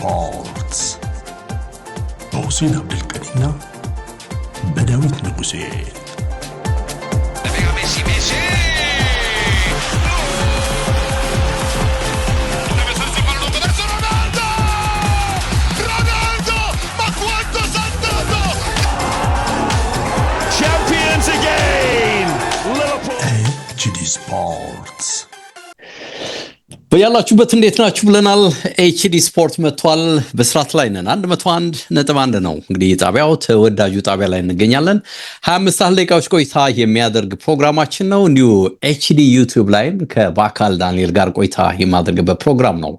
ፋልስ በሁሴን አብደልቀዲና በዳዊት ንጉሴ በያላችሁበት እንዴት ናችሁ ብለናል። ኤችዲ ስፖርት መጥቷል። በስርዓት ላይ ነን። አንድ መቶ አንድ ነጥብ አንድ ነው እንግዲህ ጣቢያው ተወዳጁ ጣቢያ ላይ እንገኛለን። ሀያ አምስት ደቂቃዎች ቆይታ የሚያደርግ ፕሮግራማችን ነው። እንዲሁ ኤችዲ ዩቲዩብ ላይም ከባካል ዳንኤል ጋር ቆይታ የማደርግበት ፕሮግራም ነው።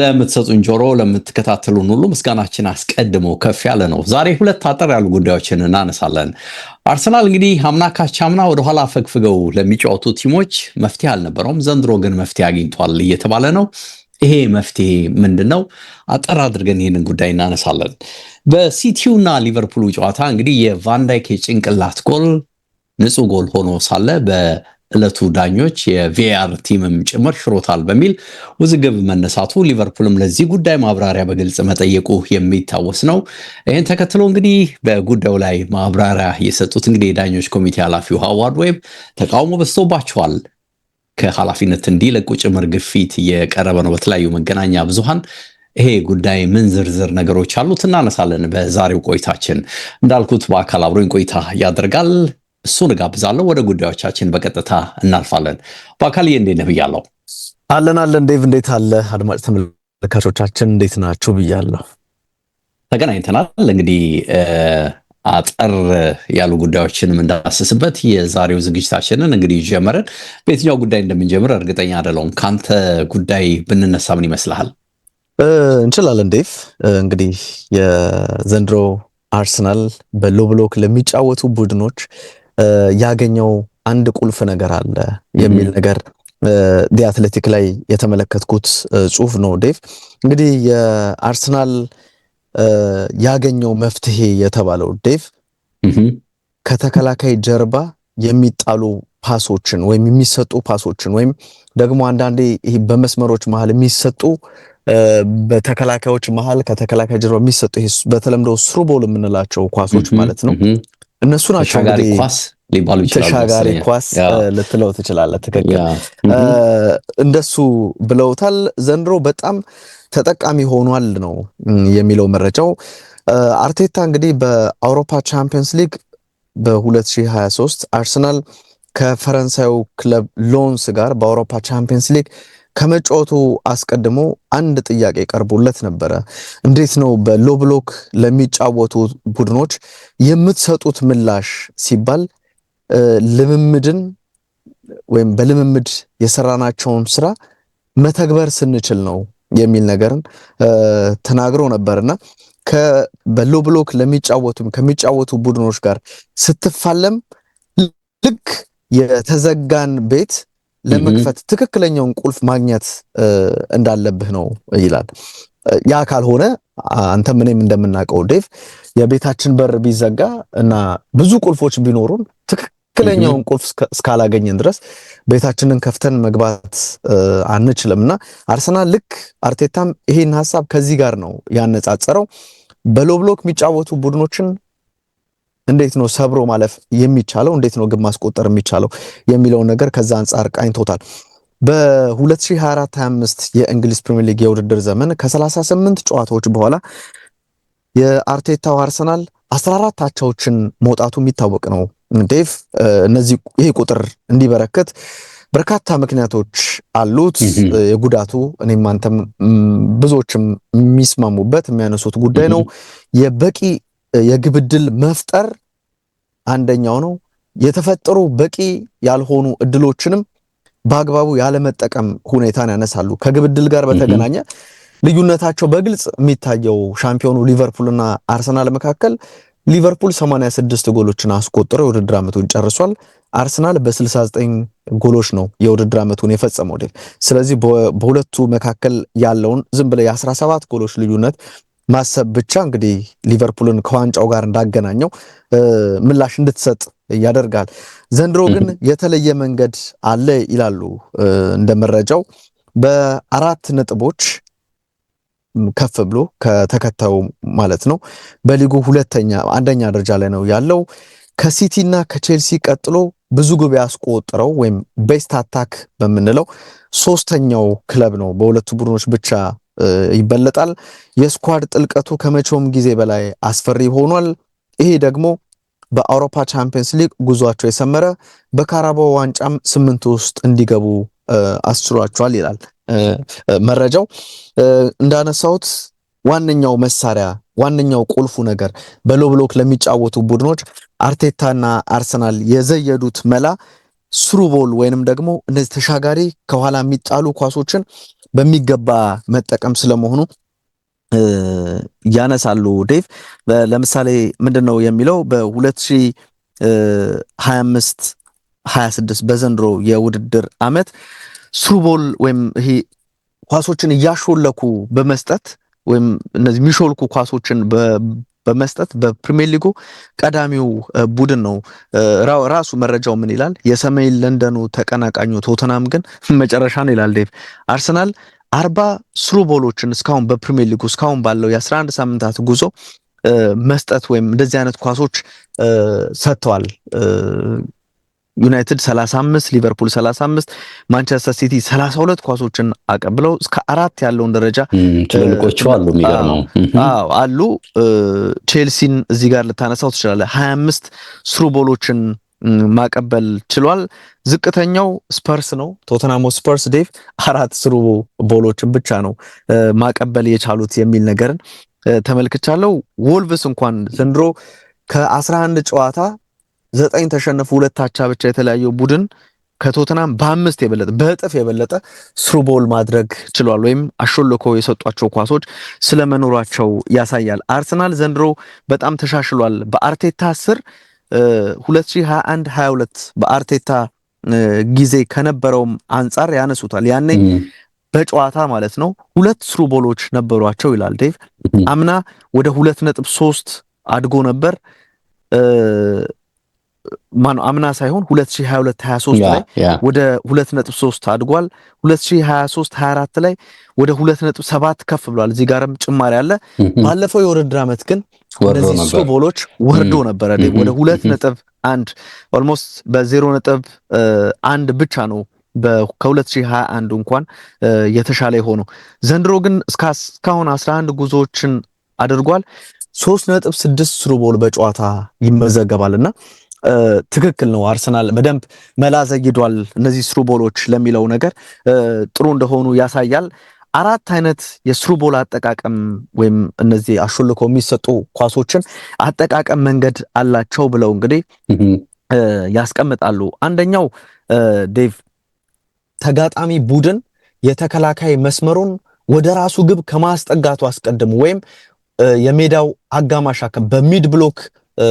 ለምትሰጡን ጆሮ ለምትከታተሉን ሁሉ ምስጋናችን አስቀድሞ ከፍ ያለ ነው። ዛሬ ሁለት አጠር ያሉ ጉዳዮችን እናነሳለን። አርሰናል እንግዲህ አምና ካቻምና ወደኋላ ፈግፍገው ለሚጫወቱ ቲሞች መፍትሄ አልነበረውም። ዘንድሮ ግን መፍትሄ አግኝቷል እየተባለ ነው። ይሄ መፍትሄ ምንድን ነው? አጠር አድርገን ይህንን ጉዳይ እናነሳለን። በሲቲውና ሊቨርፑሉ ጨዋታ እንግዲህ የቫንዳይክ የጭንቅላት ጎል ንጹህ ጎል ሆኖ ሳለ እለቱ ዳኞች የቪአር ቲምም ጭምር ሽሮታል በሚል ውዝግብ መነሳቱ ሊቨርፑልም ለዚህ ጉዳይ ማብራሪያ በግልጽ መጠየቁ የሚታወስ ነው። ይህን ተከትሎ እንግዲህ በጉዳዩ ላይ ማብራሪያ የሰጡት እንግዲህ የዳኞች ኮሚቴ ኃላፊው ሃዋርድ ዌብ ተቃውሞ በዝቶባቸዋል ከኃላፊነት እንዲለቁ ጭምር ግፊት እየቀረበ ነው በተለያዩ መገናኛ ብዙሃን። ይሄ ጉዳይ ምን ዝርዝር ነገሮች አሉት እናነሳለን በዛሬው ቆይታችን። እንዳልኩት በአካል አብሮኝ ቆይታ ያደርጋል እሱን እጋብዛለሁ። ወደ ጉዳዮቻችን በቀጥታ እናልፋለን። በአካልዬ እንዴት ነህ ብያለሁ። አለን አለን። ዴቭ እንዴት አለ? አድማጭ ተመልካቾቻችን እንዴት ናችሁ ብያለሁ። ተገናኝተናል። እንግዲህ አጠር ያሉ ጉዳዮችንም እንዳስስበት የዛሬው ዝግጅታችንን እንግዲህ ጀመርን። በየትኛው ጉዳይ እንደምንጀምር እርግጠኛ አይደለሁም። ከአንተ ጉዳይ ብንነሳ ምን ይመስልሃል? እንችላለን ዴቭ። እንግዲህ የዘንድሮ አርሰናል በሎብሎክ ለሚጫወቱ ቡድኖች ያገኘው አንድ ቁልፍ ነገር አለ የሚል ነገር ዲ አትሌቲክ ላይ የተመለከትኩት ጽሁፍ ነው። ዴቭ እንግዲህ የአርሰናል ያገኘው መፍትሄ የተባለው ዴቭ ከተከላካይ ጀርባ የሚጣሉ ፓሶችን ወይም የሚሰጡ ፓሶችን ወይም ደግሞ አንዳንዴ ይህ በመስመሮች መሀል የሚሰጡ በተከላካዮች መሀል ከተከላካይ ጀርባ የሚሰጡ በተለምዶ ስሩቦል የምንላቸው ኳሶች ማለት ነው እነሱ ናቸው ኳስ ሊባሉ ይችላሉ። ተሻጋሪ ኳስ ልትለው ትችላለህ። ትክክል፣ እንደሱ ብለውታል። ዘንድሮ በጣም ተጠቃሚ ሆኗል ነው የሚለው መረጃው። አርቴታ እንግዲህ በአውሮፓ ቻምፒየንስ ሊግ በ2023 አርሰናል ከፈረንሳዩ ክለብ ሎንስ ጋር በአውሮፓ ቻምፒየንስ ሊግ ከመጫወቱ አስቀድሞ አንድ ጥያቄ ቀርቦለት ነበረ። እንዴት ነው በሎ ብሎክ ለሚጫወቱ ቡድኖች የምትሰጡት ምላሽ ሲባል ልምምድን ወይም በልምምድ የሰራናቸውን ስራ መተግበር ስንችል ነው የሚል ነገርን ተናግሮ ነበርና በሎ ብሎክ ለሚጫወቱም ከሚጫወቱ ቡድኖች ጋር ስትፋለም ልክ የተዘጋን ቤት ለመክፈት ትክክለኛውን ቁልፍ ማግኘት እንዳለብህ ነው ይላል። ያ ካልሆነ አንተ ምንም እንደምናውቀው ዴቭ የቤታችን በር ቢዘጋ እና ብዙ ቁልፎች ቢኖሩን ትክክለኛውን ቁልፍ እስካላገኘን ድረስ ቤታችንን ከፍተን መግባት አንችልም እና አርሰናል ልክ አርቴታም ይሄን ሀሳብ ከዚህ ጋር ነው ያነጻጸረው። በሎብሎክ የሚጫወቱ ቡድኖችን እንዴት ነው ሰብሮ ማለፍ የሚቻለው? እንዴት ነው ግብ ማስቆጠር የሚቻለው የሚለውን ነገር ከዛ አንጻር ቃኝቶታል። በ2024/25 የእንግሊዝ ፕሪሚየር ሊግ የውድድር ዘመን ከ38 ጨዋታዎች በኋላ የአርቴታው አርሰናል 14 አቻዎችን መውጣቱ የሚታወቅ ነው። ዴቭ እነዚህ ይሄ ቁጥር እንዲበረከት በርካታ ምክንያቶች አሉት። የጉዳቱ እኔም አንተም ብዙዎችም የሚስማሙበት የሚያነሱት ጉዳይ ነው። የበቂ የግብ ዕድል መፍጠር አንደኛው ነው። የተፈጠሩ በቂ ያልሆኑ እድሎችንም በአግባቡ ያለመጠቀም ሁኔታን ያነሳሉ። ከግብ ዕድል ጋር በተገናኘ ልዩነታቸው በግልጽ የሚታየው ሻምፒዮኑ ሊቨርፑልና አርሰናል መካከል ሊቨርፑል 86 ጎሎችን አስቆጥሮ የውድድር ዓመቱን ጨርሷል። አርሰናል በ69 ጎሎች ነው የውድድር ዓመቱን የፈጸመው። ስለዚህ በሁለቱ መካከል ያለውን ዝም ብለ የ17 ጎሎች ልዩነት ማሰብ ብቻ እንግዲህ ሊቨርፑልን ከዋንጫው ጋር እንዳገናኘው ምላሽ እንድትሰጥ ያደርጋል። ዘንድሮ ግን የተለየ መንገድ አለ ይላሉ እንደ መረጃው በአራት ነጥቦች ከፍ ብሎ ከተከታዩ ማለት ነው። በሊጉ ሁለተኛ አንደኛ ደረጃ ላይ ነው ያለው ከሲቲ እና ከቼልሲ ቀጥሎ ብዙ ግብ ያስቆጠረው ወይም ቤስት አታክ በምንለው ሶስተኛው ክለብ ነው። በሁለቱ ቡድኖች ብቻ ይበለጣል። የስኳድ ጥልቀቱ ከመቼውም ጊዜ በላይ አስፈሪ ሆኗል። ይሄ ደግሞ በአውሮፓ ቻምፒየንስ ሊግ ጉዟቸው የሰመረ በካራቦ ዋንጫም ስምንት ውስጥ እንዲገቡ አስችሏቸዋል ይላል መረጃው። እንዳነሳሁት ዋነኛው መሳሪያ ዋነኛው ቁልፉ ነገር ብሎክ ለሚጫወቱ ቡድኖች አርቴታና አርሰናል የዘየዱት መላ ስሩቦል ወይንም ደግሞ እነዚህ ተሻጋሪ ከኋላ የሚጣሉ ኳሶችን በሚገባ መጠቀም ስለመሆኑ ያነሳሉ። ዴቭ ለምሳሌ ምንድን ነው የሚለው በ2025 26 በዘንድሮ የውድድር ዓመት ስሩቦል ወይም ይሄ ኳሶችን እያሾለኩ በመስጠት ወይም እነዚህ የሚሾልኩ ኳሶችን በመስጠት በፕሪሚየር ሊጉ ቀዳሚው ቡድን ነው። ራሱ መረጃው ምን ይላል? የሰሜን ለንደኑ ተቀናቃኙ ቶተናም ግን መጨረሻ ነው ይላል ዴቭ። አርሰናል አርባ ስሩ ቦሎችን እስካሁን በፕሪሚየር ሊጉ እስካሁን ባለው የ11 ሳምንታት ጉዞ መስጠት ወይም እንደዚህ አይነት ኳሶች ሰጥተዋል። ዩናይትድ 35 ሊቨርፑል 35 ማንቸስተር ሲቲ 32 ኳሶችን አቀብለው እስከ አራት ያለውን ደረጃ ትልልቆቹ አሉ። የሚገርመው አዎ አሉ። ቼልሲን እዚህ ጋር ልታነሳው ትችላለ። 25 ስሩ ቦሎችን ማቀበል ችሏል። ዝቅተኛው ስፐርስ ነው። ቶተናሞ ስፐርስ ዴቭ አራት ስሩ ቦሎችን ብቻ ነው ማቀበል የቻሉት የሚል ነገርን ተመልክቻለሁ። ወልቭስ እንኳን ዘንድሮ ከ11 ጨዋታ ዘጠኝ ተሸነፉ፣ ሁለት አቻ ብቻ የተለያየው ቡድን ከቶትናም በአምስት የበለጠ በእጥፍ የበለጠ ስሩቦል ማድረግ ችሏል፣ ወይም አሾልኮ የሰጧቸው ኳሶች ስለመኖሯቸው ያሳያል። አርሰናል ዘንድሮ በጣም ተሻሽሏል። በአርቴታ ስር 2021 22 በአርቴታ ጊዜ ከነበረውም አንጻር ያነሱታል። ያኔ በጨዋታ ማለት ነው ሁለት ስሩቦሎች ነበሯቸው ይላል ዴቭ። አምና ወደ ሁለት ነጥብ ሶስት አድጎ ነበር። ማነው አምና ሳይሆን 2022 23 ላይ ወደ 2.3 አድጓል። 2023 24 ላይ ወደ 2.7 ከፍ ብሏል። እዚህ ጋርም ጭማሪ አለ። ባለፈው የውድድር ዓመት ግን እነዚህ ሶቦሎች ወርዶ ነበረ ወደ 2.1 ኦልሞስት በ0.1 ብቻ ነው ከ2021 እንኳን የተሻለ የሆነው ዘንድሮ ግን እስካሁን 11 ጉዞዎችን አድርጓል። 3.6 ስሩቦል በጨዋታ ይመዘገባልና ትክክል ነው። አርሰናል በደንብ መላ ዘይዷል። እነዚህ ስሩቦሎች ቦሎች ለሚለው ነገር ጥሩ እንደሆኑ ያሳያል። አራት አይነት የስሩቦል አጠቃቀም ወይም እነዚህ አሾልኮ የሚሰጡ ኳሶችን አጠቃቀም መንገድ አላቸው ብለው እንግዲህ ያስቀምጣሉ። አንደኛው ዴቭ ተጋጣሚ ቡድን የተከላካይ መስመሩን ወደ ራሱ ግብ ከማስጠጋቱ አስቀድሞ ወይም የሜዳው አጋማሽ በሚድ ብሎክ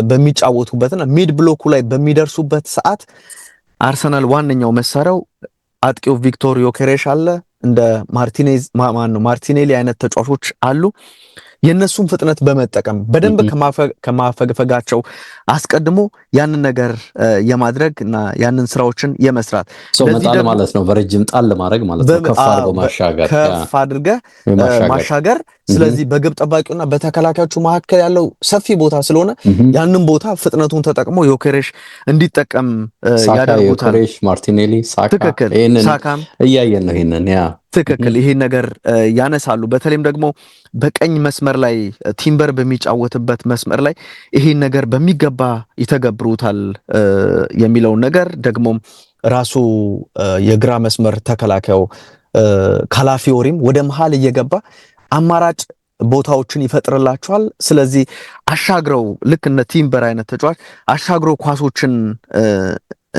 በሚጫወቱበትና ሚድ ብሎኩ ላይ በሚደርሱበት ሰዓት አርሰናል ዋነኛው መሳሪያው አጥቂው ቪክቶር ዮኬሬሽ አለ። እንደ ማርቲኔዝ ማን ነው ማርቲኔሊ አይነት ተጫዋቾች አሉ። የእነሱን ፍጥነት በመጠቀም በደንብ ከማፈግፈጋቸው አስቀድሞ ያንን ነገር የማድረግ እና ያንን ስራዎችን የመስራት መጣል ማለት ነው። በረጅም ጣል ለማድረግ ማለት ነው። ከፍ አድርገው ማሻገር፣ ከፍ አድርገህ ማሻገር። ስለዚህ በግብ ጠባቂውና በተከላካዮቹ መካከል ያለው ሰፊ ቦታ ስለሆነ ያንን ቦታ ፍጥነቱን ተጠቅሞ ዮኬሬሽ እንዲጠቀም ያደርጉታል። ዮኬሬሽ፣ ማርቲኔሊ፣ ሳካ እያየን ነው ይሄንን ያ ትክክል ይሄ ነገር ያነሳሉ። በተለይም ደግሞ በቀኝ መስመር ላይ ቲምበር በሚጫወትበት መስመር ላይ ይሄን ነገር በሚገባ ይተገብሩታል የሚለውን ነገር ደግሞ ራሱ የግራ መስመር ተከላካዩ ካላፊዮሪም ወደ መሀል እየገባ አማራጭ ቦታዎችን ይፈጥርላቸዋል። ስለዚህ አሻግረው ልክ እንደ ቲምበር አይነት ተጫዋች አሻግረው ኳሶችን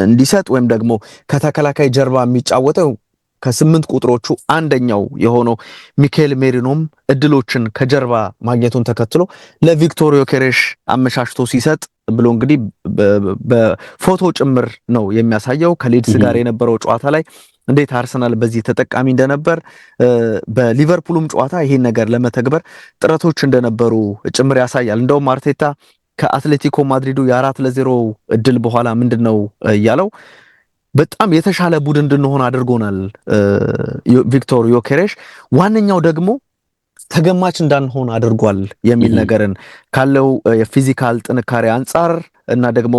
እንዲሰጥ ወይም ደግሞ ከተከላካይ ጀርባ የሚጫወተው ከስምንት ቁጥሮቹ አንደኛው የሆነው ሚካኤል ሜሪኖም እድሎችን ከጀርባ ማግኘቱን ተከትሎ ለቪክቶር ዮኬሬሽ አመቻችቶ ሲሰጥ ብሎ እንግዲህ በፎቶ ጭምር ነው የሚያሳየው። ከሌድስ ጋር የነበረው ጨዋታ ላይ እንዴት አርሰናል በዚህ ተጠቃሚ እንደነበር በሊቨርፑልም ጨዋታ ይሄን ነገር ለመተግበር ጥረቶች እንደነበሩ ጭምር ያሳያል። እንደውም አርቴታ ከአትሌቲኮ ማድሪዱ የአራት ለዜሮ እድል በኋላ ምንድን ነው እያለው በጣም የተሻለ ቡድን እንድንሆን አድርጎናል ቪክቶር ዮኬሬሽ። ዋነኛው ደግሞ ተገማች እንዳንሆን አድርጓል የሚል ነገርን ካለው የፊዚካል ጥንካሬ አንጻር እና ደግሞ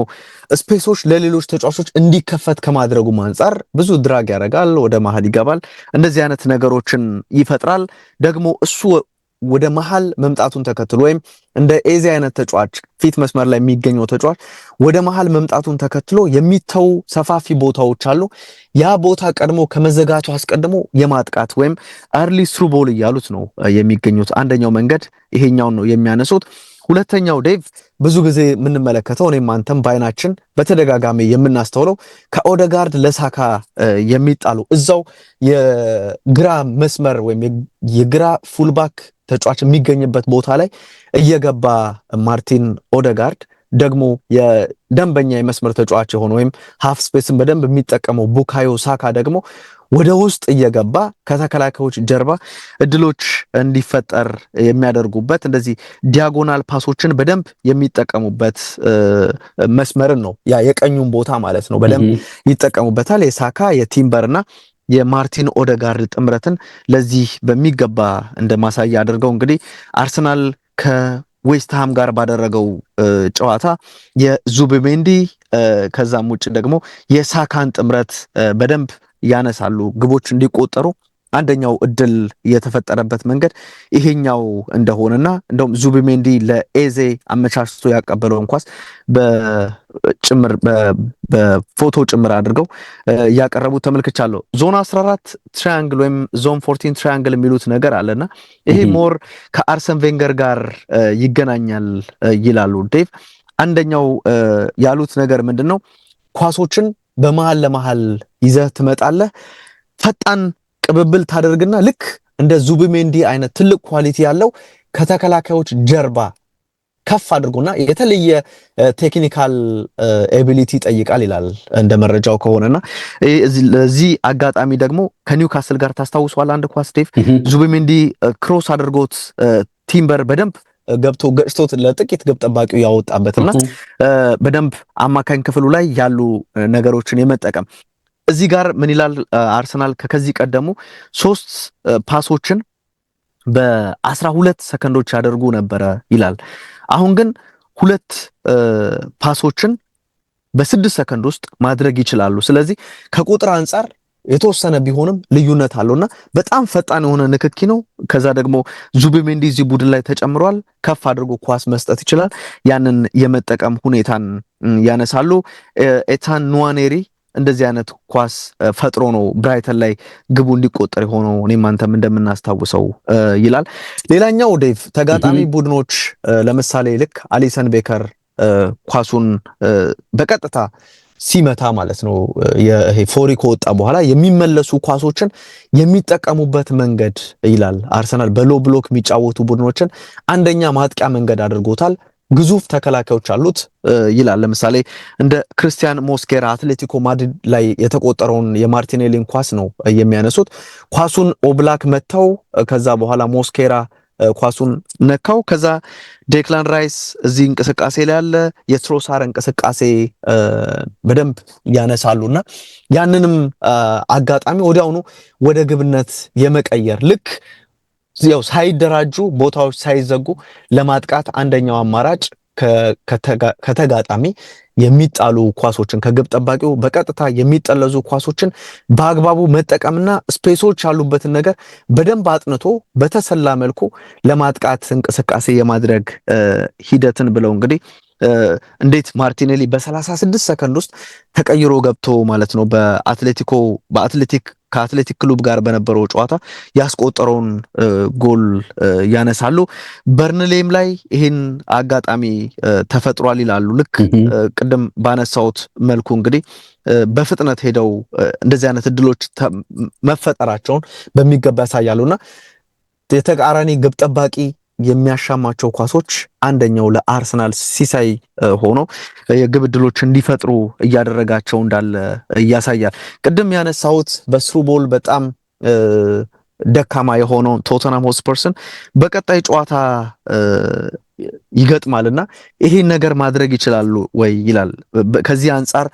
ስፔሶች ለሌሎች ተጫዋቾች እንዲከፈት ከማድረጉም አንጻር ብዙ ድራግ ያደርጋል፣ ወደ መሀል ይገባል፣ እንደዚህ አይነት ነገሮችን ይፈጥራል። ደግሞ እሱ ወደ መሀል መምጣቱን ተከትሎ ወይም እንደ ኤዜ አይነት ተጫዋች ፊት መስመር ላይ የሚገኘው ተጫዋች ወደ መሀል መምጣቱን ተከትሎ የሚተው ሰፋፊ ቦታዎች አሉ። ያ ቦታ ቀድሞ ከመዘጋቱ አስቀድሞ የማጥቃት ወይም አርሊ ስሩ ቦል እያሉት ነው የሚገኙት። አንደኛው መንገድ ይሄኛውን ነው የሚያነሱት። ሁለተኛው ዴቭ ብዙ ጊዜ የምንመለከተው እኔም አንተም በአይናችን በተደጋጋሚ የምናስተውለው ከኦደጋርድ ለሳካ የሚጣሉ እዛው የግራ መስመር ወይም የግራ ፉልባክ ተጫዋች የሚገኝበት ቦታ ላይ እየገባ ማርቲን ኦደጋርድ ደግሞ የደንበኛ የመስመር ተጫዋች የሆነ ወይም ሀፍ ስፔስን በደንብ የሚጠቀመው ቡካዮ ሳካ ደግሞ ወደ ውስጥ እየገባ ከተከላካዮች ጀርባ እድሎች እንዲፈጠር የሚያደርጉበት እንደዚህ ዲያጎናል ፓሶችን በደንብ የሚጠቀሙበት መስመርን ነው። ያ የቀኙን ቦታ ማለት ነው በደንብ ይጠቀሙበታል። የሳካ የቲምበር እና የማርቲን ኦደጋርድ ጥምረትን ለዚህ በሚገባ እንደ ማሳያ አድርገው እንግዲህ አርሰናል ከዌስትሃም ጋር ባደረገው ጨዋታ የዙብሜንዲ ከዛም ውጭ ደግሞ የሳካን ጥምረት በደንብ ያነሳሉ ግቦች እንዲቆጠሩ አንደኛው እድል የተፈጠረበት መንገድ ይሄኛው እንደሆነና እንደውም ዙቢሜንዲ ለኤዜ አመቻችቶ ያቀበለውን ኳስ በጭምር በፎቶ ጭምር አድርገው ያቀረቡት ተመልክቻለሁ። ዞን 14 ትሪያንግል ወይም ዞን 14 ትሪያንግል የሚሉት ነገር አለና ይሄ ሞር ከአርሰን ቬንገር ጋር ይገናኛል ይላሉ ዴቭ። አንደኛው ያሉት ነገር ምንድን ነው? ኳሶችን በመሃል ለመሃል ይዘህ ትመጣለህ ፈጣን ቅብብል ታደርግና ልክ እንደ ዙብሜንዲ አይነት ትልቅ ኳሊቲ ያለው ከተከላካዮች ጀርባ ከፍ አድርጎና የተለየ ቴክኒካል ኤቢሊቲ ይጠይቃል ይላል እንደ መረጃው ከሆነና ለዚህ አጋጣሚ ደግሞ ከኒውካስል ጋር ታስታውሷል። አንድ ኳስ ዴቭ ዙብሜንዲ ክሮስ አድርጎት ቲምበር በደንብ ገብቶ ገጭቶት ለጥቂት ግብ ጠባቂው ያወጣበትና በደንብ አማካኝ ክፍሉ ላይ ያሉ ነገሮችን የመጠቀም እዚህ ጋር ምን ይላል አርሰናል ከከዚህ ቀደሙ ሶስት ፓሶችን በአስራ ሁለት ሰከንዶች ያደርጉ ነበረ ይላል። አሁን ግን ሁለት ፓሶችን በስድስት ሰከንድ ውስጥ ማድረግ ይችላሉ። ስለዚህ ከቁጥር አንጻር የተወሰነ ቢሆንም ልዩነት አለውና በጣም ፈጣን የሆነ ንክኪ ነው። ከዛ ደግሞ ዙቢሜንዲ እዚህ ቡድን ላይ ተጨምሯል። ከፍ አድርጎ ኳስ መስጠት ይችላል። ያንን የመጠቀም ሁኔታን ያነሳሉ። ኤታን ኑዋኔሪ እንደዚህ አይነት ኳስ ፈጥሮ ነው ብራይተን ላይ ግቡ እንዲቆጠር የሆነው እኔም አንተም እንደምናስታውሰው ይላል። ሌላኛው ዴቭ ተጋጣሚ ቡድኖች ለምሳሌ ልክ አሊሰን ቤከር ኳሱን በቀጥታ ሲመታ ማለት ነው ይሄ ፎሪ ከወጣ በኋላ የሚመለሱ ኳሶችን የሚጠቀሙበት መንገድ ይላል። አርሰናል በሎ ብሎክ የሚጫወቱ ቡድኖችን አንደኛ ማጥቂያ መንገድ አድርጎታል። ግዙፍ ተከላካዮች አሉት ይላል። ለምሳሌ እንደ ክርስቲያን ሞስኬራ አትሌቲኮ ማድሪድ ላይ የተቆጠረውን የማርቲኔሊን ኳስ ነው የሚያነሱት። ኳሱን ኦብላክ መተው፣ ከዛ በኋላ ሞስኬራ ኳሱን ነካው። ከዛ ዴክላን ራይስ እዚህ እንቅስቃሴ ላይ ያለ የትሮሳር እንቅስቃሴ በደንብ ያነሳሉ እና ያንንም አጋጣሚ ወዲያውኑ ወደ ግብነት የመቀየር ልክ ያው ሳይደራጁ ቦታዎች ሳይዘጉ ለማጥቃት አንደኛው አማራጭ ከተጋጣሚ የሚጣሉ ኳሶችን ከግብ ጠባቂው በቀጥታ የሚጠለዙ ኳሶችን በአግባቡ መጠቀምና ስፔሶች ያሉበትን ነገር በደንብ አጥንቶ በተሰላ መልኩ ለማጥቃት እንቅስቃሴ የማድረግ ሂደትን ብለው እንግዲህ እንዴት ማርቲኔሊ በ36 ሰከንድ ውስጥ ተቀይሮ ገብቶ ማለት ነው በአትሌቲኮ በአትሌቲክ ከአትሌቲክ ክሉብ ጋር በነበረው ጨዋታ ያስቆጠረውን ጎል ያነሳሉ። በርንሌም ላይ ይህን አጋጣሚ ተፈጥሯል ይላሉ። ልክ ቅድም ባነሳውት መልኩ እንግዲህ በፍጥነት ሄደው እንደዚህ አይነት እድሎች መፈጠራቸውን በሚገባ ያሳያሉ እና የተቃራኒ ግብ ጠባቂ የሚያሻማቸው ኳሶች አንደኛው ለአርሰናል ሲሳይ ሆኖ የግብ እንዲፈጥሩ እያደረጋቸው እንዳለ እያሳያል። ቅድም ያነሳሁት በስሩ ቦል በጣም ደካማ የሆነውን ቶተናም ሆስፐርስን በቀጣይ ጨዋታ ይገጥማልና ይሄን ነገር ማድረግ ይችላሉ ወይ ይላል። ከዚህ አንጻር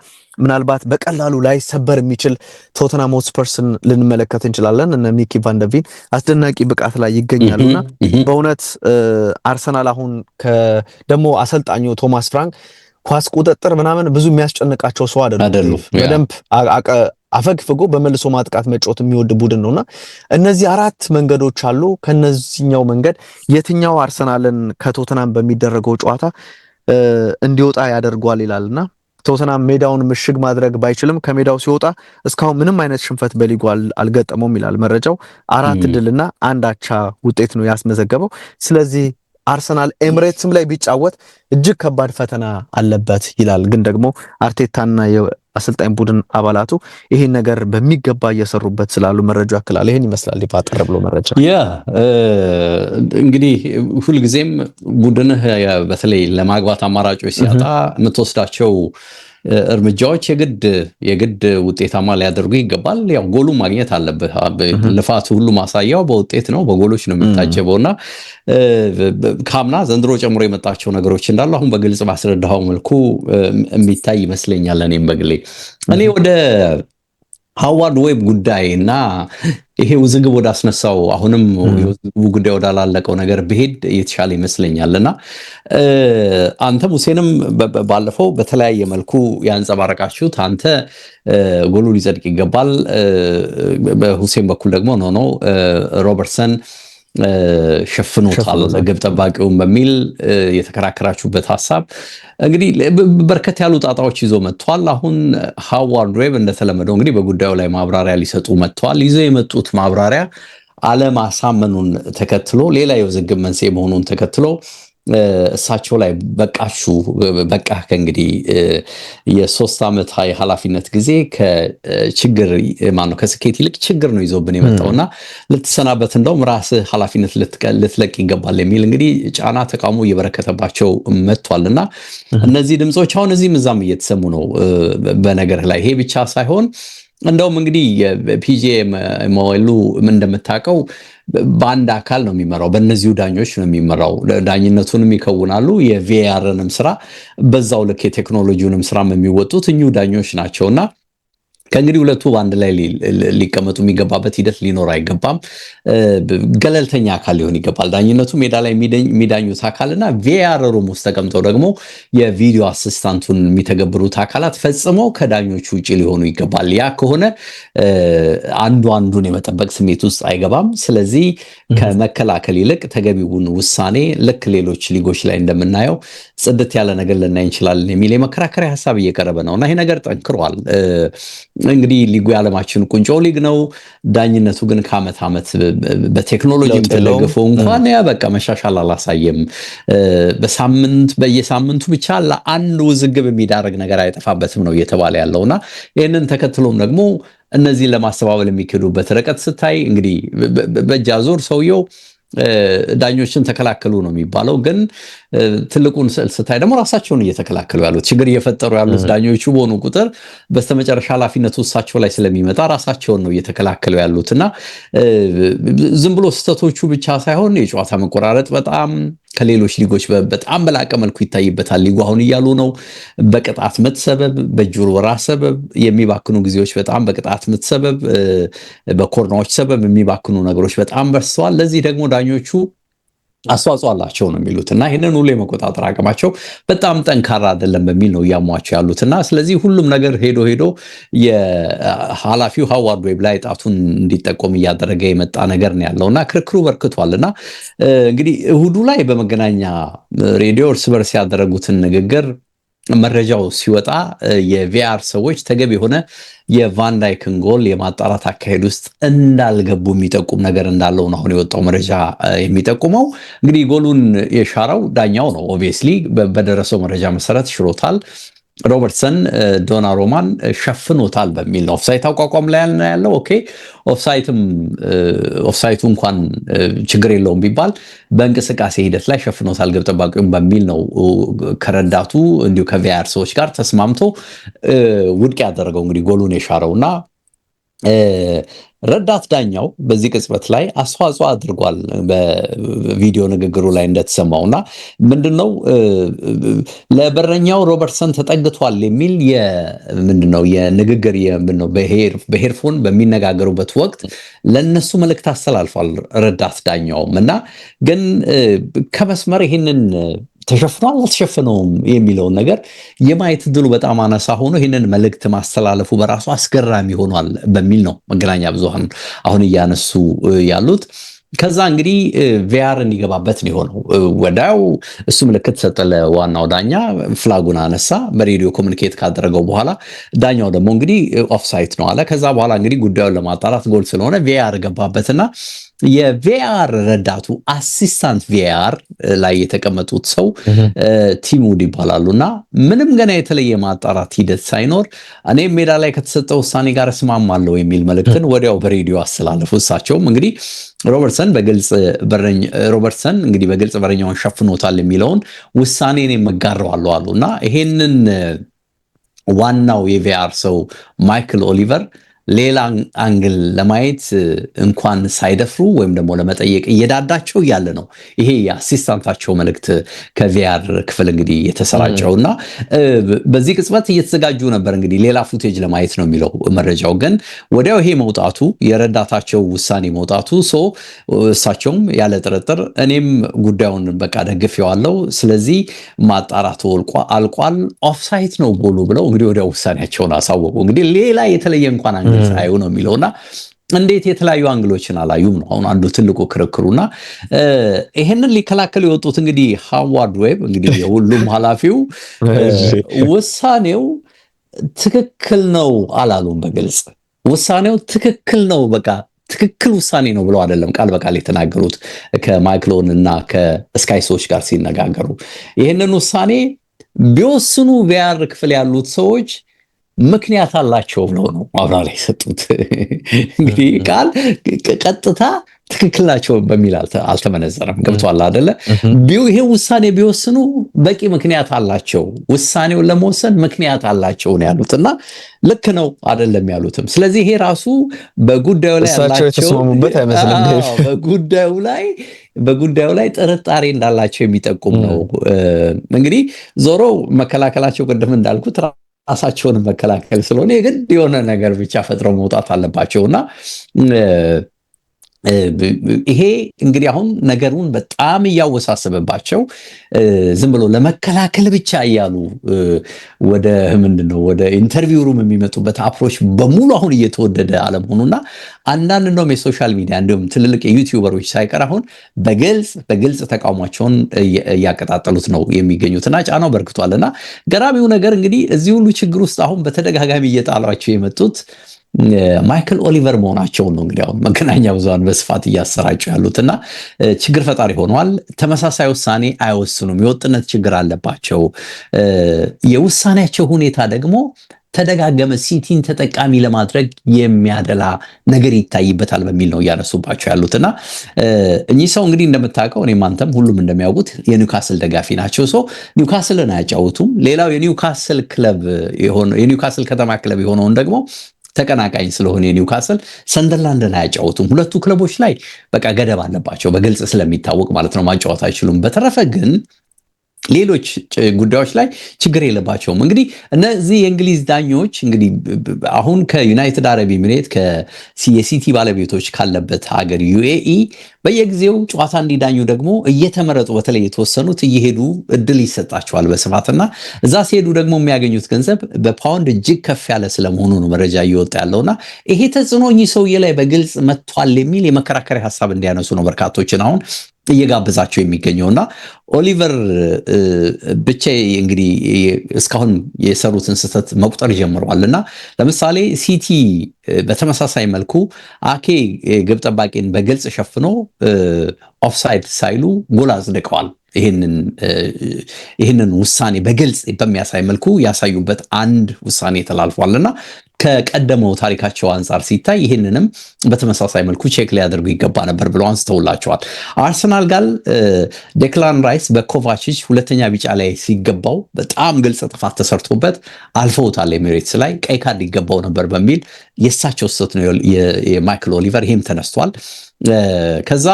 ምናልባት በቀላሉ ላይ ሰበር የሚችል ቶተንሃም ሆትስፐርስን ልንመለከት እንችላለን። እነ ሚኪ ቫንደቪን አስደናቂ ብቃት ላይ ይገኛሉና እና በእውነት አርሰናል አሁን ደግሞ አሰልጣኙ ቶማስ ፍራንክ ኳስ ቁጥጥር ምናምን ብዙ የሚያስጨንቃቸው ሰው አይደሉም። በደንብ አፈግፍጎ በመልሶ ማጥቃት መጫወት የሚወድ ቡድን ነውና እነዚህ አራት መንገዶች አሉ። ከነዚህኛው መንገድ የትኛው አርሰናልን ከቶተናም በሚደረገው ጨዋታ እንዲወጣ ያደርጓል ይላልና ቶተናም ሜዳውን ምሽግ ማድረግ ባይችልም ከሜዳው ሲወጣ እስካሁን ምንም አይነት ሽንፈት በሊጉ አልገጠመውም ይላል መረጃው። አራት ድልና አንድ አቻ ውጤት ነው ያስመዘገበው። ስለዚህ አርሰናል ኤምሬትስም ላይ ቢጫወት እጅግ ከባድ ፈተና አለበት ይላል። ግን ደግሞ አርቴታና አሰልጣኝ ቡድን አባላቱ ይሄን ነገር በሚገባ እየሰሩበት ስላሉ መረጃ ያክላል። ይህን ይመስላል ባጠረ ብሎ መረጃ ያ እንግዲህ ሁልጊዜም ቡድንህ በተለይ ለማግባት አማራጮች ሲያጣ የምትወስዳቸው እርምጃዎች የግድ የግድ ውጤታማ ሊያደርጉ ይገባል። ያው ጎሉ ማግኘት አለብህ። ልፋት ሁሉ ማሳያው በውጤት ነው፣ በጎሎች ነው የምታጀበው። እና ካምና ዘንድሮ ጨምሮ የመጣቸው ነገሮች እንዳሉ አሁን በግልጽ ባስረዳኸው መልኩ የሚታይ ይመስለኛል። እኔም በግሌ እኔ ወደ ሀዋርድ ዌብ ጉዳይ እና ይሄ ውዝግብ ወዳስነሳው አሁንም የውዝግቡ ጉዳይ ወዳላለቀው ነገር ብሄድ የተሻለ ይመስለኛል እና አንተም ሁሴንም ባለፈው በተለያየ መልኩ ያንጸባረቃችሁት አንተ ጎሉ ሊጸድቅ ይገባል፣ በሁሴን በኩል ደግሞ ኖ ሮበርትሰን ሸፍኖታል ለግብ ጠባቂውን በሚል የተከራከራችሁበት ሀሳብ እንግዲህ በርከት ያሉ ጣጣዎች ይዞ መጥቷል። አሁን ሃዋርድ ዌብ እንደተለመደው እንግዲህ በጉዳዩ ላይ ማብራሪያ ሊሰጡ መጥተዋል። ይዘው የመጡት ማብራሪያ አለማሳመኑን ተከትሎ ሌላ የውዝግብ መንስኤ መሆኑን ተከትሎ እሳቸው ላይ በቃችሁ በቃ ከእንግዲህ የሶስት ዓመት የኃላፊነት ጊዜ ከችግር ማነው ከስኬት ይልቅ ችግር ነው ይዞብን እና ልትሰናበት እንደውም ራስህ ኃላፊነት ልትለቅ ይገባል የሚል እንግዲህ ጫና ተቃውሞ እየበረከተባቸው እና እነዚህ ድምፆች አሁን እዚህም እዛም እየተሰሙ ነው። በነገር ላይ ይሄ ብቻ ሳይሆን እንደውም እንግዲህ ፒጂኤ መወሉ ምን እንደምታውቀው በአንድ አካል ነው የሚመራው፣ በእነዚሁ ዳኞች ነው የሚመራው። ዳኝነቱንም ይከውናሉ፣ የቪአርንም ስራ በዛው ልክ የቴክኖሎጂውንም ስራ የሚወጡት እኚሁ ዳኞች እና ከእንግዲህ ሁለቱ በአንድ ላይ ሊቀመጡ የሚገባበት ሂደት ሊኖር አይገባም። ገለልተኛ አካል ሊሆን ይገባል። ዳኝነቱ ሜዳ ላይ የሚዳኙት አካል ቪአር ሩም ውስጥ ተቀምጠው ደግሞ የቪዲዮ አሲስታንቱን የሚተገብሩት አካላት ፈጽመው ከዳኞቹ ውጭ ሊሆኑ ይገባል። ያ ከሆነ አንዱ አንዱን የመጠበቅ ስሜት ውስጥ አይገባም። ስለዚህ ከመከላከል ይልቅ ተገቢውን ውሳኔ ልክ ሌሎች ሊጎች ላይ እንደምናየው ጽድት ያለ ነገር ልናይ እንችላለን የሚል የመከራከሪያ ሀሳብ እየቀረበ ነው እና ይሄ ነገር ጠንክሯል። እንግዲህ ሊጉ የዓለማችን ቁንጮ ሊግ ነው። ዳኝነቱ ግን ከዓመት ዓመት በቴክኖሎጂ የተደገፈው እንኳን ያ በቃ መሻሻል አላሳየም። በሳምንት በየሳምንቱ ብቻ ለአንድ ውዝግብ የሚዳረግ ነገር አይጠፋበትም ነው እየተባለ ያለውና ይህንን ተከትሎም ደግሞ እነዚህን ለማስተባበል የሚካሄዱበት ርቀት ስታይ እንግዲህ በእጅ ዞር ሰውየው ዳኞችን ተከላከሉ ነው የሚባለው ግን ትልቁን ስዕል ስታይ ደግሞ ራሳቸውን እየተከላከሉ ያሉት ችግር እየፈጠሩ ያሉት ዳኞቹ በሆኑ ቁጥር በስተመጨረሻ ኃላፊነቱ እሳቸው ላይ ስለሚመጣ ራሳቸውን ነው እየተከላከሉ ያሉት እና ዝም ብሎ ስህተቶቹ ብቻ ሳይሆን የጨዋታ መቆራረጥ በጣም ከሌሎች ሊጎች በጣም በላቀ መልኩ ይታይበታል ሊጉ አሁን እያሉ ነው። በቅጣት ምት ሰበብ፣ በእጅ ሰበብ የሚባክኑ ጊዜዎች በጣም በቅጣት ምት ሰበብ፣ በኮርናዎች ሰበብ የሚባክኑ ነገሮች በጣም በርስተዋል። ለዚህ ደግሞ ዳኞቹ አስተዋጽኦ አላቸው ነው የሚሉት እና ይህንን ሁሉ የመቆጣጠር አቅማቸው በጣም ጠንካራ አይደለም በሚል ነው እያሟቸው ያሉት እና ስለዚህ ሁሉም ነገር ሄዶ ሄዶ የኃላፊው ሀዋርድ ዌብ ላይ ጣቱን እንዲጠቆም እያደረገ የመጣ ነገር ነው ያለው እና ክርክሩ በርክቷል እና እንግዲህ እሁዱ ላይ በመገናኛ ሬዲዮ እርስ በርስ ያደረጉትን ንግግር መረጃው ሲወጣ የቪአር ሰዎች ተገቢ የሆነ የቫንዳይክን ጎል የማጣራት አካሄድ ውስጥ እንዳልገቡ የሚጠቁም ነገር እንዳለው ነው አሁን የወጣው መረጃ የሚጠቁመው። እንግዲህ ጎሉን የሻረው ዳኛው ነው። ኦብቪየስሊ በደረሰው መረጃ መሰረት ሽሮታል። ሮበርትሰን ዶና ሮማን ሸፍኖታል በሚል ነው። ኦፍሳይት አቋቋም ላይ ያለው ኦኬ፣ ኦፍሳይትም ኦፍሳይቱ እንኳን ችግር የለውም ቢባል በእንቅስቃሴ ሂደት ላይ ሸፍኖታል ግብ ጠባቂውም በሚል ነው ከረዳቱ እንዲሁ ከቪያር ሰዎች ጋር ተስማምቶ ውድቅ ያደረገው እንግዲህ ጎሉን የሻረው እና ረዳት ዳኛው በዚህ ቅጽበት ላይ አስተዋጽኦ አድርጓል። በቪዲዮ ንግግሩ ላይ እንደተሰማው እና ምንድነው ለበረኛው ሮበርትሰን ተጠግቷል የሚል ምንድነው የንግግር በሄርፎን በሚነጋገሩበት ወቅት ለነሱ መልእክት አስተላልፏል ረዳት ዳኛውም እና ግን ከመስመር ይህንን ተሸፍኗል አልተሸፈነውም የሚለውን ነገር የማየት ድሉ በጣም አነሳ ሆኖ ይህንን መልእክት ማስተላለፉ በራሱ አስገራሚ ሆኗል በሚል ነው መገናኛ ብዙሃን አሁን እያነሱ ያሉት። ከዛ እንግዲህ ቪያር እንዲገባበት ነው የሆነው። ወዲያው እሱ ምልክት ሰጠ ለዋናው ዳኛ፣ ፍላጉን አነሳ። በሬዲዮ ኮሚኒኬት ካደረገው በኋላ ዳኛው ደግሞ እንግዲህ ኦፍሳይት ነው አለ። ከዛ በኋላ እንግዲህ ጉዳዩን ለማጣራት ጎል ስለሆነ ቪያር ገባበትና የቪአር ረዳቱ አሲስታንት ቪአር ላይ የተቀመጡት ሰው ቲም ውድ ይባላሉ እና ምንም ገና የተለየ ማጣራት ሂደት ሳይኖር እኔም ሜዳ ላይ ከተሰጠ ውሳኔ ጋር እስማማለሁ የሚል መልእክትን ወዲያው በሬዲዮ አስተላለፉ። እሳቸውም እንግዲህ ሮበርትሰን በግልጽ ሮበርትሰን እንግዲህ በግልጽ በረኛውን ሸፍኖታል የሚለውን ውሳኔ እኔ መጋረዋለሁ አሉ እና ይሄንን ዋናው የቪአር ሰው ማይክል ኦሊቨር ሌላ አንግል ለማየት እንኳን ሳይደፍሩ ወይም ደግሞ ለመጠየቅ እየዳዳቸው እያለ ነው ይሄ የአሲስታንታቸው መልእክት ከቪያር ክፍል እንግዲህ የተሰራጨው እና በዚህ ቅጽበት እየተዘጋጁ ነበር እንግዲህ ሌላ ፉቴጅ ለማየት ነው የሚለው መረጃው። ግን ወዲያው ይሄ መውጣቱ የረዳታቸው ውሳኔ መውጣቱ ሶ እሳቸውም ያለ ጥርጥር እኔም ጉዳዩን በቃ ደግፌዋለሁ፣ ስለዚህ ማጣራቱ አልቋል፣ ኦፍሳይት ነው ቦሉ ብለው እንግዲህ ወዲያው ውሳኔያቸውን አሳወቁ። እንግዲህ ሌላ የተለየ እንኳን ሳዩ ነው የሚለው እና እንዴት የተለያዩ አንግሎችን አላዩም ነው አሁን አንዱ ትልቁ ክርክሩና ይሄንን ሊከላከሉ የወጡት እንግዲህ ሃዋርድ ዌብ እንግዲህ የሁሉም ኃላፊው ውሳኔው ትክክል ነው አላሉም በግልጽ ውሳኔው ትክክል ነው በቃ ትክክል ውሳኔ ነው ብለው አይደለም ቃል በቃል የተናገሩት ከማይክሎን እና ከስካይ ሰዎች ጋር ሲነጋገሩ ይህንን ውሳኔ ቢወስኑ ቪያር ክፍል ያሉት ሰዎች ምክንያት አላቸው ብለው ነው ማብራሪያ የሰጡት። እንግዲህ ቃል ቀጥታ ትክክል ናቸው በሚል አልተመነዘረም። ገብቷል አደለ? ይሄ ውሳኔ ቢወስኑ በቂ ምክንያት አላቸው፣ ውሳኔውን ለመወሰን ምክንያት አላቸው ነው ያሉት እና ልክ ነው አደለም ያሉትም። ስለዚህ ይሄ ራሱ በጉዳዩ ላይ በጉዳዩ ላይ በጉዳዩ ላይ ጥርጣሬ እንዳላቸው የሚጠቁም ነው። እንግዲህ ዞሮ መከላከላቸው ቅድም እንዳልኩት ራሳቸውን መከላከል ስለሆነ የግድ የሆነ ነገር ብቻ ፈጥረው መውጣት አለባቸው እና ይሄ እንግዲህ አሁን ነገሩን በጣም እያወሳሰበባቸው ዝም ብሎ ለመከላከል ብቻ እያሉ ወደ ምንድን ነው ወደ ኢንተርቪው ሩም የሚመጡበት አፕሮች በሙሉ አሁን እየተወደደ አለመሆኑና አንዳንድ ነውም የሶሻል ሚዲያ እንዲሁም ትልልቅ የዩቲዩበሮች ሳይቀር አሁን በግልጽ በግልጽ ተቃውሟቸውን እያቀጣጠሉት ነው የሚገኙትና ጫናው በርክቷልና ገራሚው ነገር እንግዲህ እዚህ ሁሉ ችግር ውስጥ አሁን በተደጋጋሚ እየጣሏቸው የመጡት ማይክል ኦሊቨር መሆናቸውን ነው እንግዲህ አሁን መገናኛ ብዙሃን በስፋት እያሰራጩ ያሉት እና ችግር ፈጣሪ ሆነዋል። ተመሳሳይ ውሳኔ አይወስኑም። የወጥነት ችግር አለባቸው። የውሳኔያቸው ሁኔታ ደግሞ ተደጋገመ ሲቲን ተጠቃሚ ለማድረግ የሚያደላ ነገር ይታይበታል በሚል ነው እያነሱባቸው ያሉት እና እኚህ ሰው እንግዲህ እንደምታውቀው እኔም አንተም ሁሉም እንደሚያውቁት የኒውካስል ደጋፊ ናቸው። ሰው ኒውካስልን አያጫውቱም። ሌላው የኒውካስል ክለብ የኒውካስል ከተማ ክለብ የሆነውን ደግሞ ተቀናቃኝ ስለሆነ የኒውካስል ሰንደርላንድን አያጫወቱም። ሁለቱ ክለቦች ላይ በቃ ገደብ አለባቸው፣ በግልጽ ስለሚታወቅ ማለት ነው። ማጫወት አይችሉም። በተረፈ ግን ሌሎች ጉዳዮች ላይ ችግር የለባቸውም። እንግዲህ እነዚህ የእንግሊዝ ዳኞች እንግዲህ አሁን ከዩናይትድ አረብ ኤሚሬት የሲቲ ባለቤቶች ካለበት ሀገር ዩኤኢ በየጊዜው ጨዋታ እንዲዳኙ ደግሞ እየተመረጡ በተለይ የተወሰኑት እየሄዱ እድል ይሰጣቸዋል በስፋትና እዛ ሲሄዱ ደግሞ የሚያገኙት ገንዘብ በፓውንድ እጅግ ከፍ ያለ ስለመሆኑ ነው መረጃ እየወጣ ያለውና ይሄ ተጽዕኖ እኚህ ሰውዬ ላይ በግልጽ መጥቷል የሚል የመከራከሪያ ሀሳብ እንዲያነሱ ነው በርካቶችን አሁን እየጋበዛቸው የሚገኘው እና ኦሊቨር ብቻ እንግዲህ እስካሁን የሰሩትን ስህተት መቁጠር ጀምረዋል እና ለምሳሌ ሲቲ በተመሳሳይ መልኩ አኬ ግብ ጠባቂን በግልጽ ሸፍኖ ኦፍሳይድ ሳይሉ ጎል አጽድቀዋል። ይህንን ውሳኔ በግልጽ በሚያሳይ መልኩ ያሳዩበት አንድ ውሳኔ ተላልፏል እና ከቀደመው ታሪካቸው አንጻር ሲታይ ይህንንም በተመሳሳይ መልኩ ቼክ ሊያደርጉ ይገባ ነበር ብለው አንስተውላቸዋል። አርሰናል ጋር ዴክላን ራይስ በኮቫችች ሁለተኛ ቢጫ ላይ ሲገባው በጣም ግልጽ ጥፋት ተሰርቶበት አልፈውታል። ኤሚሬትስ ላይ ቀይ ካርድ ይገባው ነበር በሚል የእሳቸው ስህተት ነው የማይክል ኦሊቨር። ይህም ተነስቷል። ከዛ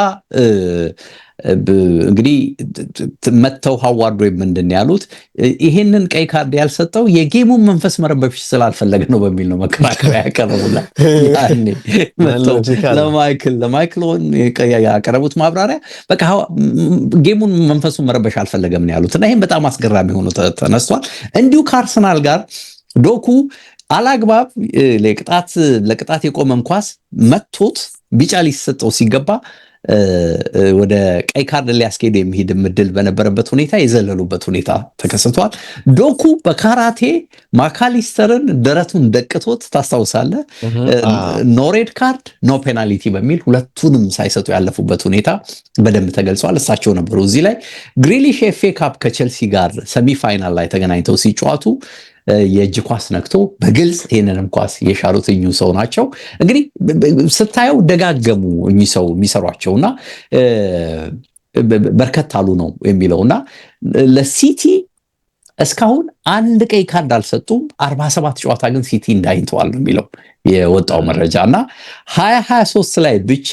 እንግዲህ መጥተው ሀዋርዶ ምንድን ያሉት ይሄንን ቀይ ካርድ ያልሰጠው የጌሙን መንፈስ መረበሽ ስላልፈለገ ነው በሚል ነው መከራከሪያ ያቀረቡላት። ለማይክል ያቀረቡት ማብራሪያ በቃ ጌሙን መንፈሱ መረበሽ አልፈለገም ያሉት እና ይህም በጣም አስገራሚ ሆኖ ተነስቷል። እንዲሁ ከአርሰናል ጋር ዶኩ አላግባብ ለቅጣት የቆመን ኳስ መጥቶት ቢጫ ሊሰጠው ሲገባ ወደ ቀይ ካርድ ሊያስኬድ የሚሄድ ምድል በነበረበት ሁኔታ የዘለሉበት ሁኔታ ተከስቷል። ዶኩ በካራቴ ማካሊስተርን ደረቱን ደቅቶት ታስታውሳለ። ኖ ሬድ ካርድ ኖ ፔናልቲ በሚል ሁለቱንም ሳይሰጡ ያለፉበት ሁኔታ በደንብ ተገልጿል። እሳቸው ነበሩ እዚህ ላይ ግሪሊሽ ፌካፕ ከቸልሲ ካፕ ከቼልሲ ጋር ሰሚ ፋይናል ላይ ተገናኝተው ሲጫዋቱ የእጅ ኳስ ነክቶ በግልጽ ይህንንም ኳስ የሻሉት እኚሁ ሰው ናቸው። እንግዲህ ስታየው ደጋገሙ እኚህ ሰው የሚሰሯቸውና በርከት አሉ ነው እና ለሲቲ እስካሁን አንድ ቀይ ካርድ አልሰጡም። አርባ ሰባት ጨዋታ ግን ሲቲ ነው የሚለው የወጣው መረጃ እና ሀያ ሀያ ሶስት ላይ ብቻ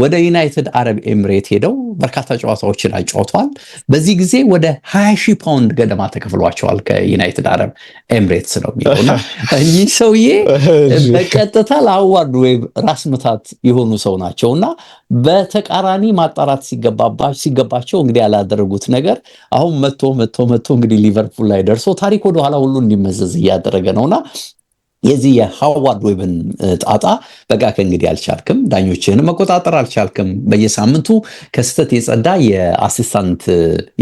ወደ ዩናይትድ አረብ ኤምሬት ሄደው በርካታ ላይ አጫውተዋል። በዚህ ጊዜ ወደ ሀያ ሺህ ፓውንድ ገደማ ተከፍሏቸዋል ከዩናይትድ አረብ ኤምሬትስ ነው የሚለውና እኚህ ሰውዬ በቀጥታ ለአዋርድ ዌብ ራስ ምታት የሆኑ ሰው ናቸው እና በተቃራኒ ማጣራት ሲገባቸው እንግዲህ ያላደረጉት ነገር አሁን መቶ መቶ መቶ እንግዲህ ሊቨርፑል ላይ ደርሶ ታሪክ ወደኋላ ሁሉ እንዲመዘዝ እያደረገ ነውና የዚህ የሃዋርድ ዌብን ጣጣ በቃ ከእንግዲህ አልቻልክም፣ ዳኞችህን መቆጣጠር አልቻልክም። በየሳምንቱ ከስህተት የጸዳ የአሲስታንት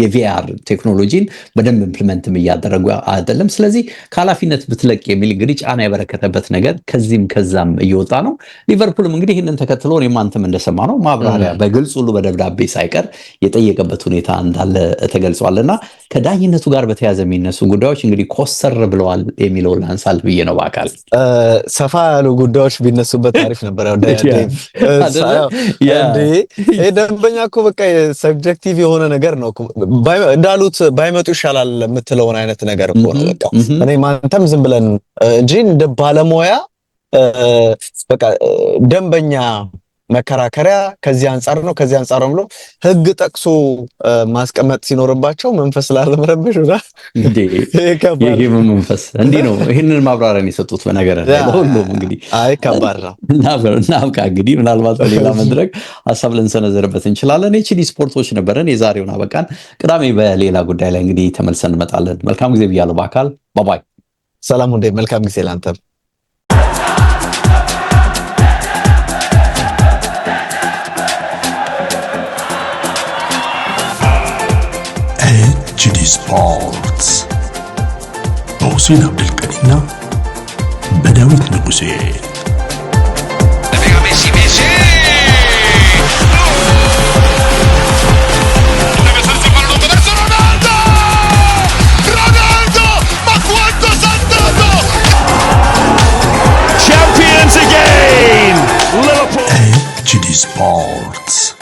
የቪአር ቴክኖሎጂን በደንብ ኢምፕሊመንትም እያደረጉ አይደለም። ስለዚህ ከኃላፊነት ብትለቅ የሚል እንግዲህ ጫና የበረከተበት ነገር ከዚህም ከዛም እየወጣ ነው። ሊቨርፑልም እንግዲህ ይህንን ተከትሎ እኔም አንተም እንደሰማ ነው ማብራሪያ በግልጽ ሁሉ በደብዳቤ ሳይቀር የጠየቀበት ሁኔታ እንዳለ እና ከዳኝነቱ ጋር በተያያዘ የሚነሱ ጉዳዮች እንግዲህ ኮሰር ብለዋል የሚለው ላንሳል ብዬ ነው በአካል ሰፋ ያሉ ጉዳዮች ቢነሱበት አሪፍ ነበረ። ደንበኛ እኮ በቃ ሰብጀክቲቭ የሆነ ነገር ነው እንዳሉት ባይመጡ ይሻላል የምትለውን አይነት ነገር እኮ ነው። በቃ እኔ ማንተም ዝም ብለን እንጂ እንደ ባለሙያ በቃ ደንበኛ መከራከሪያ ከዚህ አንጻር ነው ከዚህ አንጻር ነው ብሎ ህግ ጠቅሶ ማስቀመጥ ሲኖርባቸው መንፈስ ላለመረበሽ ይህ መንፈስ እንዲህ ነው። ይህንን ማብራሪያን የሰጡት በነገር ሁሉም እንግዲህ ከባድ ነው። እናብቃ እንግዲህ ምናልባት በሌላ መድረክ ሀሳብ ልንሰነዘርበት እንችላለን። ኤችዲ ስፖርቶች ነበረን። የዛሬውን አበቃን። ቅዳሜ በሌላ ጉዳይ ላይ እንግዲህ ተመልሰን እንመጣለን። መልካም ጊዜ ብያለሁ። በአካል ባባይ ሰላም ወንዴ መልካም ጊዜ ላንተም ስፖርትስ በሁሴን አብዱልቀኒና በዳዊት ንጉሴ Sports.